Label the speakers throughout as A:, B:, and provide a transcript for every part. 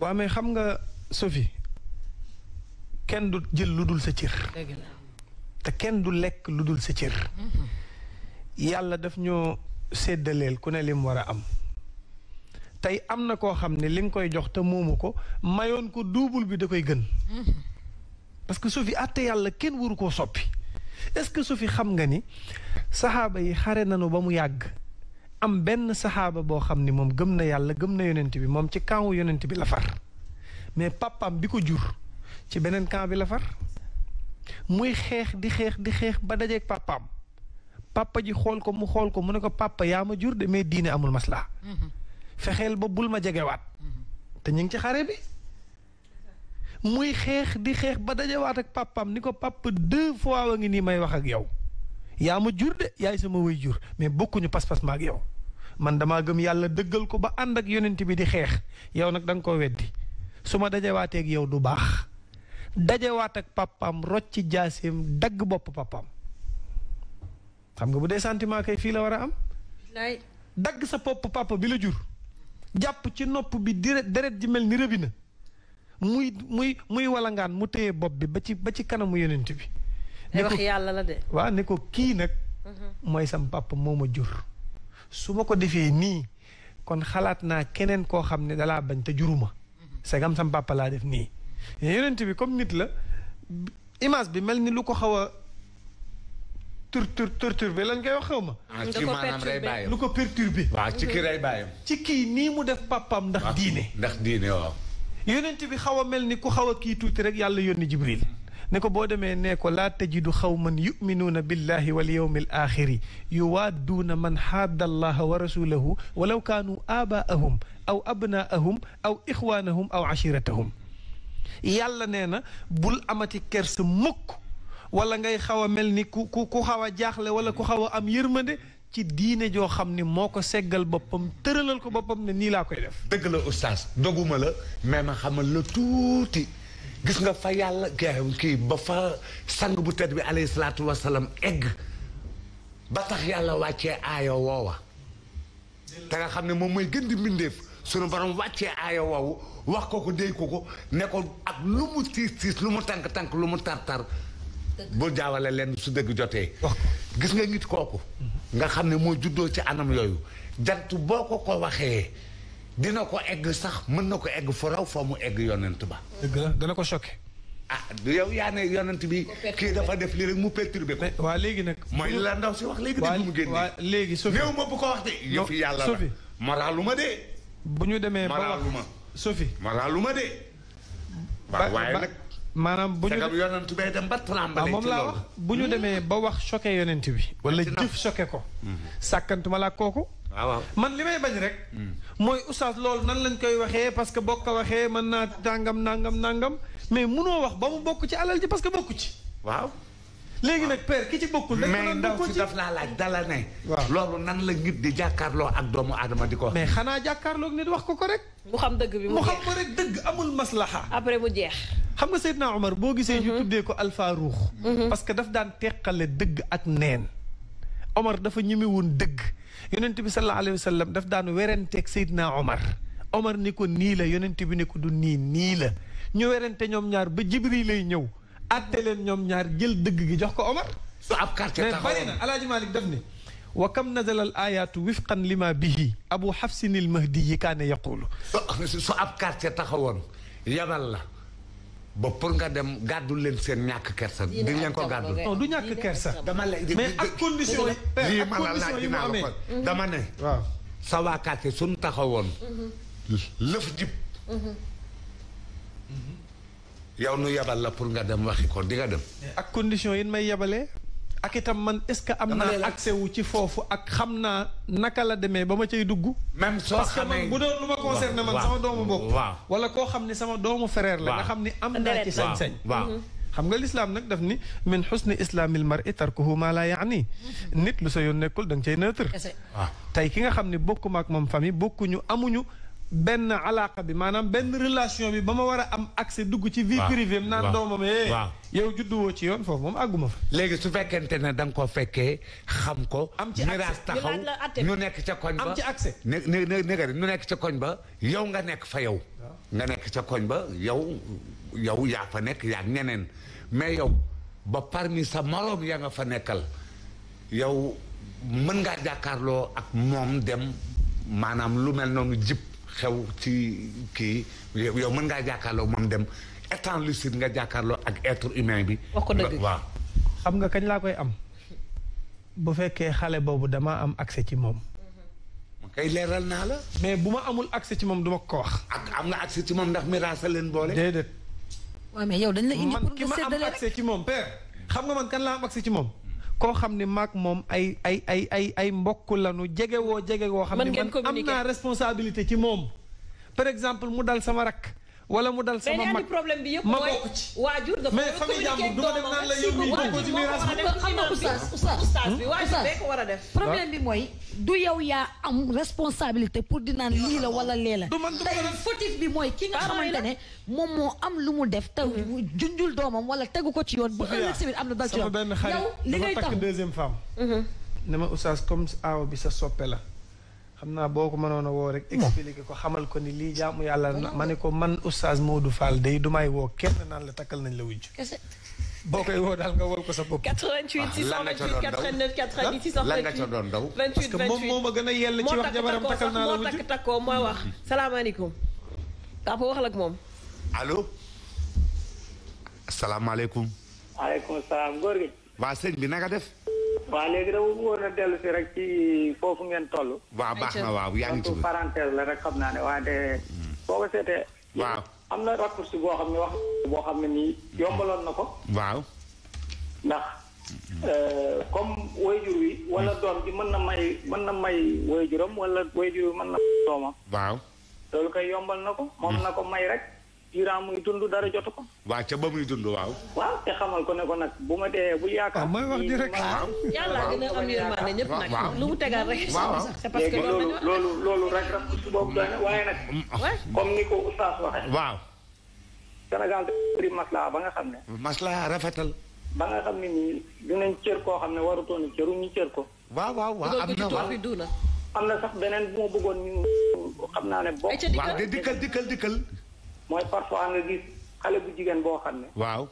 A: waa mais xam nga Sophie kenn du jël lu dul sa cër. te kenn du lekk lu dul sa cër. Mm-hmm. yàlla daf ñoo séddaleel ku ne lim war a am. tey am na koo xam ne li nga koy jox te moomu ko mayoon ko duubul bi da koy gën. Mm-hmm. parce que Sophie àtte yàlla kenn waru koo soppi. est-ce que Sophie xam nga ni saxaaba yi xare nañu ba mu yàgg. am benn saxaaba boo xam ni moom gëm na yàlla gëm na yonent bi moom ci camp yonent bi la far mais papam bi ko jur ci beneen camp bi la far muy xeex di xeex di xeex ba daje papam papa ji xool ko mu xool ko mu ne ko papa yaa ma jur mais diine amul maslaa mm-hmm. fexeel ba bul ma jegewaat mm-hmm. te ñu ngi ci xare xeex di xeex ba dajewaat ak papam ni ko papa deux fois wa ngi nii may wax ak yow yaa ma jur de yaay sama way jur mais bokkuñu pas-pas ma ak yow man damaa gëm yàlla dëggal ko ba ànd ak yonent bi di xeex yow nag danga ko weddi su ma dajewaateeg yow du baax dajewaat ak papaam rocci jaaseem dagg bopp papaam xam nga bu dee sentiment kay fii la war a am. dagg sa bopp papa bi la jur jàpp ci nopp bi dire deret ji mel ni rëbi na muy muy muy walangaan mu téye bopp bi ba ci ba ci kanamu yonent bi.
B: ne ko yàlla la de. waaw
A: ne ko kii nag. Mhm. mooy sam moo ma jur. su ma ko defee nii kon xalaat naa keneen koo xam ne dalaa bañ te juruma segam sam papa def nii yonent bi comme nit la image bi mel ni lu ko xaw a tur tur turturbe lañ koy wax xaw ma ah, lu ko perturbé waaw ci kii lay ci kii nii mu def papaam ndax diine
C: ndax diine waaw
A: yonent bi xaw a mel ni ku xaw a kii tuuti rek yàlla yoon yónni jibril ne ko boo demee ne ko laa tajidu xawman yuminuuna billahi wal yawmi al axiri yuwaadduuna man xaadda allaha wa rasulahu walaw kaanu aabaahum aw abnaahum aw ixwaanahum aw ashiratahum yàlla nee na bul amati kersa mukk walla ngay xaw a mel ni ku ku ku xaw a jaaxle wala ku xaw a am yërmande ci diine joo
C: xam ni moo ko seggal boppam tëralal ko boppam ne nii laa koy def. dëgg la oustaz doguma la mais ma xamal la tuuti. gis nga fa yàlla kii ba fa sang bu tedd bi alayhi salaatu wasalaam egg ba tax yàlla wàccee aaya woowa te nga xam ne moom mooy gën di mbindeef sunu borom wàccee aaya woowu wax ko ko déy ko ko ne ko ak lu mu tiis tiis lu mu tànk tànk lu mu tartar bul jaawale leen su dëgg jotee gis nga ngit kooku nga xam ne moo juddoo ci anam yooyu jant boo ko ko waxee dina ko egg sax mën na ko egg fa raw fa mu egg yonent ba. dëgg la dana ko choqué. ah yow yaa ne yonent bi. kii dafa def lii rek mu perturbé ko. waa léegi nag. mooy la ndaw si wax léegi. dëgg mu génne waa léegi Sophie. néew ma bu ko wax yow fi yàlla la moraaluma de. bu ñu demee ba wax moraaluma. Sophie moraaluma de. waaw waaye nag. maanaam bu ñu yonent bay dem ba trembale
A: moom laa wax bu ñu hmm. demee ba wax choqué yonent bi. wala jëf choqué ko. Hmm. sàkkantuma laa kooku. waaw man li may bañ rek. mooy oustaz loolu nan lañ koy waxee parce que bokk ko waxee mën naa tàngam nangam nangam mais munoo wax ba mu bokk ci alal ji parce que bokku ci.
C: waaw. léegi nag père ki ci bokkul. dañ mais ndaw si daf laa laaj dala ne. waaw loolu nan la nit di jàkkaarloo ak doomu aadama di ko wax. mais xanaa jàkkaarloog nit wax ko ko rek. mu xam dëgg bi mu xam
A: ko rek
B: dëgg maslaha. après mu jeex.
A: xam nga Seydina Omar boo gisee. ñu mhm. tuddee ko alfa ruux. Mhm. parce que daf daan teqale dëgg ak neen. Omar dafa ñeme woon dëgg yonent bi sallallahu alayhi wa sallam daf daan werenteeg Omar Omar ni ko nii la yonent bi ne ko du nii nii la ñu werante ñoom ñaar ba Jibril lay ñëw àtte leen ñoom ñaar jël dëgg gi jox ko Omar. su ab quartier taxawoon mais wa kam nazala al ayaatu wifqan lima bihi abu xafsin al mahdi yi kaane yaqulu.
C: ab quartier taxawoon la. ba pour nga dem gàddu leen seen ñàkk kersa. di leen ko gàddu non du ñàkk kersa. dama lay mais ak condition yi. Eh, lii ma la laaj dinaa mhm. dama ne. waaw sa waa quartier suñu taxawoon. Mhm. lëf jib. Mhm. yow nu yabal la pour nga dem waxi ko di nga dem.
A: ak condition yi may yebale ak itam man est-ce que am naa accès wu ci foofu ak xam na naka la demee ba ma cay dugg. même soo xam que man bu doon lu ma concerné man sama doomu bopp. wala koo xam ni sama doomu frère la. nga xam ni am naa ci sañ-sañ. Mm-hmm. xam nga lislaam nag def ni min xusni islaamil mar'i tarkuhu maa laa yaani mm-hmm. nit lu sa yoon nekkul da nga cay neutre. tey ki nga xam ne bokkuma ak moom famille bokkuñu amuñu. benn alaaka bi maanaam benn relation bi ba ma war a am accès dugg ci vie privée naan doomam eh yow judduwoo ci yoon foofu moom
C: àgguma fa léegi su fekkente ne da nga ko fekkee xam ko am ci accès taxaw ñu nekk ca koñ am ci accès ne ne nekk ca koñ ba yow nga nekk fa yow nga nekk ca koñ ba yow yow yaa fa nekk yaa ñeneen mais yow ba parmi sa moroom yaa nga fa nekkal yow mën ngaa jàkkaarloo ak moom dem maanaam lu mel noonu jib xew ci kii yow mën ngaa jàkkaarloo moom dem étant lucide nga jàkkaarloo ak être humain bi. wax ko dëgg waaw.
A: xam nga kañ laa koy am bu fekkee xale boobu damaa am accès ci moom.
C: kay leeral naa la. mais bu ma amul accès ci moom du ma ko wax. ak am nga accès ci moom ndax mi miraas leen boole. déedéet.
B: waaw mais yow dañ la man ki ma am
C: accès ci moom père.
A: xam nga man kan laa am accès ci moom. koo xam ne maag moom ay ay ay ay ay mbokk lanu jege woo jege woo xam ni man am naa responsabilité ci moom par exemple mu dal sama rakk wala mu dal sama mag problème bi yëpp mooy waajur dafa mais famille jàmbur du ma dem naan la yow mii bokkoo ci miiras bi xam
B: nga oustaz oustaz bi waajur bee ko war a def problème bi mooy du yow yaa am responsabilité pour di naan lii la wala lee la tey fautif bi mooy ki nga xamante ne moom moo am lu mu def te mm-hmm. junjul doomam wala tegu ko ci yoon bu ëllëg si biir am na dal ci yoon yow li ngay tax
A: deuxième femme mm-hmm. ne ma oustaz comme aaw bi sa soppe la xam naa boo ko mënoon a woo rek. expliqué ko xamal ko ni lii jaamu yàlla na ma ne ko man oustaz Modou Fall day du may woo kenn naan la takkal nañ la wujj. boo koy woo daal nga woo ko sa bopp.
B: 88 628 89 90 88 lan nga ca doon daw parce que moom moo ma gën a yell ci wax jabaram takkal naa la wujj moo takk takkoo mooy wax. salaamaaleykum. papa wax la ak moom.
C: allo. salaamaaleykum.
D: maaleykum salaam góor gi. waa
C: sëñ bi naka def.
D: waa léegi dama bëggoon a dellu si rek ci foofu ngeen toll. waaw baax na waaw yaa ngi ci parenthèse la rek xam naa ne waa de hmm. boo ko seetee. am na raccourci boo xam ne boo xam ne nii yombaloon na ko. waaw. ndax euh, comme wayjur wi wala doom ji mën na may mën na may wayjuram wala wayjur wi mën na may doomam. waaw. loolu koy yombal na ko. moom na ko may rek. durant muy dund dara jot ko. waaw ca muy dund waaw. te xamal ko ne ko nag bu ma
B: dee bu yaakaar.
D: Ah, mooy wax ji rek ah. yàlla ñëpp nag. lu mu tegal rek. waaw c'est parce loolu loolu loolu rek rek boobu doy waaye nag. Mm, ah. comme ni ko oustaz waxee. waaw. Sénégal dafa bëri maslaa ba nga xam ne.
C: maslaa rafetal.
D: ba nga xam ne nii dinañ cër koo xam ne warutoon ni cëru ñu cër ko. waaw waaw waaw am na waaw sax beneen bu ma bëggoon ñu xam naa ne. boo waaw dikkal dikkal dikkal. mooy parfois nga gis xale bu jigéen boo xam ne. waaw.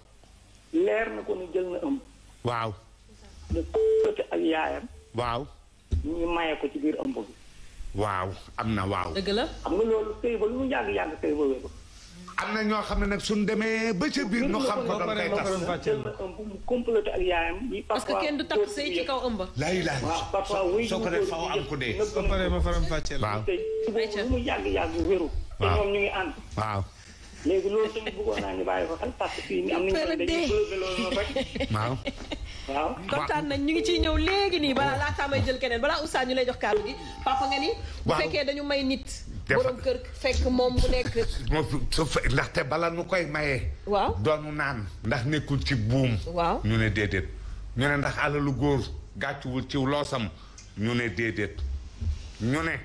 D: leer na ko ni jël na ëmb. waaw. mu kóolati ak yaayam. waaw. ñu maye ko ci biir ëmb bi.
C: waaw am na waaw. dëgg
D: la xam nga loolu sëy ba lu mu yàgg yàgg sëy ba
C: na ñoo xam ne nag suñ demee ba ca
D: biir ñu xam ko doon mu complété
B: ak yaayam. yi parce que kenn du takk sëy ci kaw ëmb.
C: laay laay soo
B: wéru. te ñoom ñu ngi ànd.
D: waaw. léegi loolu tamit bëggoon naa bàyyi ko xel parce que am
B: nañu ko dañuy ñu ngi ciy ñëw léegi nii balaa laataa may jël keneen balaa oustaz ñu lay jox kàddu gi papa nga ni. bu fekkee dañu may nit. borom kër fekk moom mu nekk.
C: ndaxte bala nu koy maye. waaw doonu naan. ndax nekkul ci buum. waaw ñu ne déedéet. ñu ne ndax alalu góor gàccuwul ci loosam ñu ne déedéet ñu ne.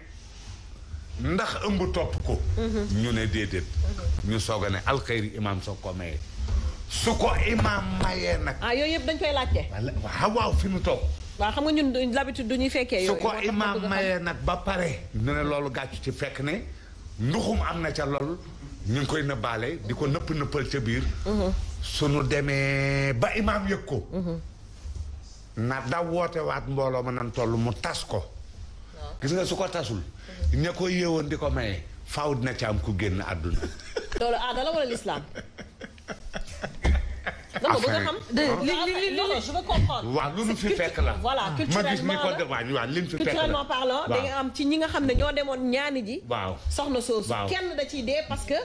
C: ndax ëmb topp ko ñu ne déedéet ñu soog a ne alxayri imaam soog ko maye su ko imaam
B: mayee nag ah yooyu yëpp dañ koy laajte waaw
C: waaw fi mu toog
B: waaw xam nga ñun l'habitude du ñuy fekkee su ko imaam mayee
C: nag ba pare ñu ne loolu gàccu ci fekk ne nduxum am na ca lool ñu ngi koy nëbbaale di ko nëpp nëppal ca biir mm-hmm. suñu demee ba imaam yëg ko mm-hmm. na da woote mbooloo ma nan toll mu tas ko gis nga su ko tasul ña ko yéewoon di ko maye faaw dina ci am ku génn àdduna
B: loolu aada la wala lislaam dama bëgg a xam
C: li li fi fekk la voilà culturellement la ma gis li
B: mu fi ñi nga xam ne ñoo demoon ñaani ji. waaw
C: soxna soosu. kenn
B: da ciy dee parce que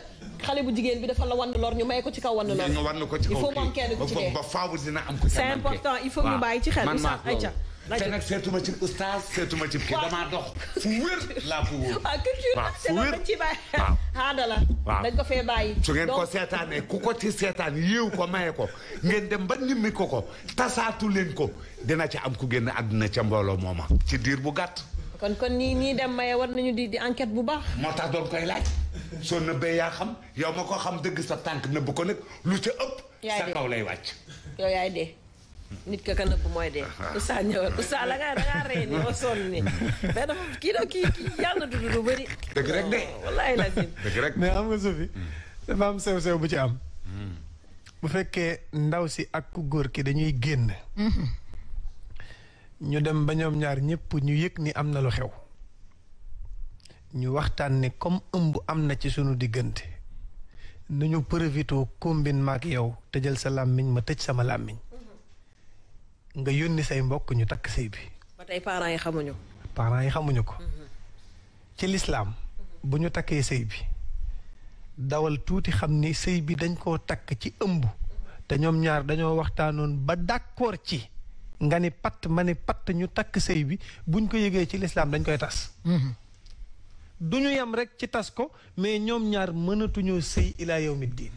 B: bi dafa la ñu may ko ci kaw wan lor. ko ci kaw kii il faut mu am kenn ku ci dee. ba faaw dina am ko ci important il faut ñu bàyyi ci xel. man maa
C: te nag seetuma ci oustaz seetuma ci kii damaa dox fu wér laa ko wóor.
B: Ah, waaw culture c' est ci bàyyi. aada dañ ko fee bàyyi.
C: su ngeen ko seetaanee ku ko ci seetaan yéew ko maye ko ngeen dem ba nimmi ko ko tasaatu leen ko dina ci am ku génn àdduna ca mbooloo mooma ci diir bu gàtt.
B: kon kon nii nii dem maye war nañu di di enquête bu baax.
C: moo tax doon koy laaj soo nëbbee yaa xam yow ma ko xam dëgg sa tànk nëbb ko nag lu ci ëpp. sa kaw lay wàcc.
B: nit ka ka nëbb mooy dee. Oustaz ñëwal Oustaz la nga nii ba sonn nii mais
A: dafa am sew sew bu ci am. Hmm. bu fekkee ndaw si ak ku góor ki dañuy génn. Hmm. ñu dem ba ñoom ñaar ñëpp ñu yëg ni am na lu xew. ñu waxtaan ne comme ëmb am na ci sunu diggante. nañu profité combine maak yow tëjal sa làmmiñ ma tëj sama làmmiñ nga yónni say mbokk ñu takk sëy bi.
B: ba tey parents yi xamuñu.
A: parents yi xamuñu ko. Mm-hmm. ci lislaam mm-hmm. bu ñu takkee sëy bi dawal tuuti xam ni sëy bi dañ koo takk ci ëmb. Mm-hmm. te ñoom ñaar dañoo waxtaanoon ba d'accord ci. nga ni patt ma ni patt ñu takk sëy bi buñ ko yëgee ci lislaam dañ koy tas. du ñu yem rek ci tas ko mais ñoom ñaar mënatuñoo sëy ilaa yawmi diin.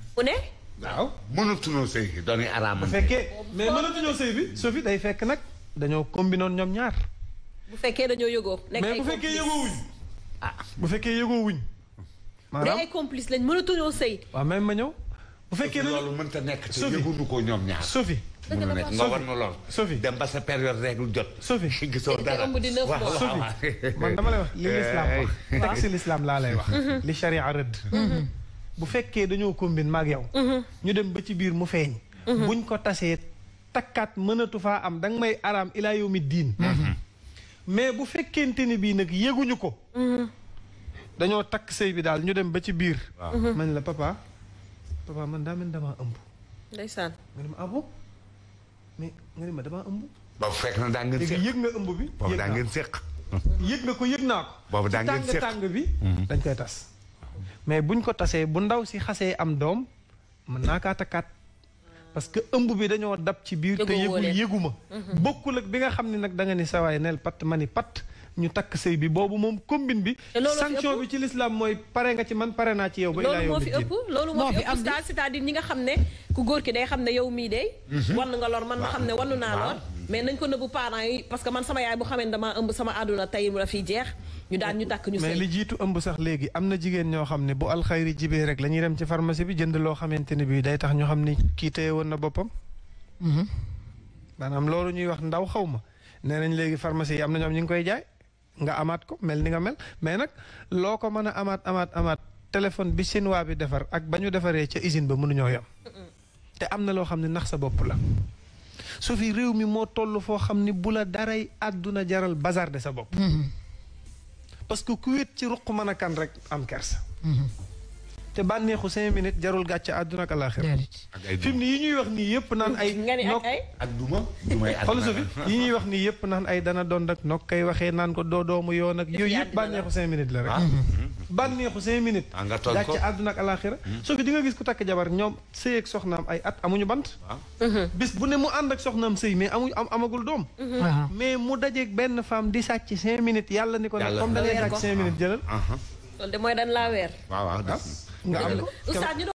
C: waaw mënatuñoo sëy bi doon araam. bu
A: fekkee mais mënatuñoo sëy bi. su fi day fekk nag dañoo combinoon ñoom ñaar.
B: bu fekkee dañoo yëgoo. nekk mais bu fekkee yëgoo wuñ.
A: Ah. bu fekkee yëgoo wuñ. maanaam
B: ay complice lañ mënatuñoo sëy.
C: waa même ma ñëw. bu fekkee dañoo loolu mënta nekk te yëguñu ko ñoom ñaar. sofi
A: dëgg la nga
B: war ma lool.
C: sofi dem ba sa période règle jot. sofi gisoo dara waaw sofi man dama lay wax li l'islam wax. waaw teg si
A: l'islam laa lay wax. li charia rëdd. Mm-hmm. bu fekkee dañoo combine maag yow. Mhm. ñu dem ba ci biir mu feeñ. Mhm. buñ ko tasee takkaat mënatu faa am danga may araam ilaa yow mi diin. Mhm. mais bu fekkente ni bii nag yëguñu ko. dañoo takk sëy bi daal ñu dem ba ci biir. man la papa papa man daa mel damaa ëmb.
B: ndeysaan nga ne ma
A: ah damaa ëmb.
C: boobu fekk na daa ngeen seq yëg nga ëmb bi. boobu daa ngeen seq.
A: yëg nga ko yëg naa ko.
C: boobu daa ngeen seq tàng tàng bi
A: dañ koy tas. mais buñ ko tasee bu ndaw si xasee am doom mën naa kaa takkaat parce que ëmb bi dañoo dab ci biir te yëgul yëguma mhm. bokkul ak bi nga xam ni nag da nga ni sawaay neel pat ma ni pat ñu takk sëy bi boobu moom combine bi sanction bi ci l'islam mooy pare nga ci man pare naa ci yow ba ilaa yow loolu moo fi ëpp
B: loolu moo fi ëpp cest à ñi nga xam ne ku góor ki day xam ne yow mii de. Mhm. wann nga lor man ma xam ne wannu naa lor. mais nañ ko nëbbu parents yi parce que man sama yaay bu xamee ne damaa ëmb sama àdduna tey mu la fiy jeex. ñu daan ñu takk ñu mais li
A: jiitu ëmb sax léegi am na jigéen ñoo xam ne bu alxayri jibee rek la ñuy dem ci pharmacie bi jënd loo xamante ne bii day tax ñu xam ni kii téye woon na boppam. Mhm. maanaam loolu ñuy wax ndaw xaw ma nee nañ léegi pharmacie yi am na ñoom ñu ngi koy jaay nga amaat ko mel ni nga mel mais nag loo ko mën a amaat amaat amaat téléphone bi chinois bi defar ak ba ñu defaree ca usine ba mënuñoo yem. te am na loo xam ne nax sa bopp la su réew mi moo toll foo xam ne bu la daray àdduna jaral bazarde sa bopp mm-hmm. parce que ku wét ci ruq mën a kan rek am kers mm-hmm. te bànneexu cinq minutes jarul gàcce àdduna ak alaaxir fi mu ne yi ñuy wax nii yëpp naan ay nokk ak duma xool su fi yi ñuy wax nii yëpp naan ay dana doon ak nokk kay waxee naan ko doo doomu yoon ak yooyu yëpp bànneexu cinq minutes la rek ah. mm-hmm. bànneexu cinq minutes. ah nga toj ko àdduna ak alaaxira hmm. soo ko di nga gis ku takk jabar ñoom sëy ak soxnaam ay at amuñu bant.
C: Uh-huh.
A: bis bu ne mu ànd ak soxnaam sëy mais amuñu am amagul doom. Uh-huh. Uh-huh. mais mu dajee benn femme di sàcc cinq minutes yàlla ni ko ne comme da ngay sàcc cinq minutes jëlal. loolu
B: de mooy dañ laa weer.
A: waaw waaw ah, nga am
B: ko.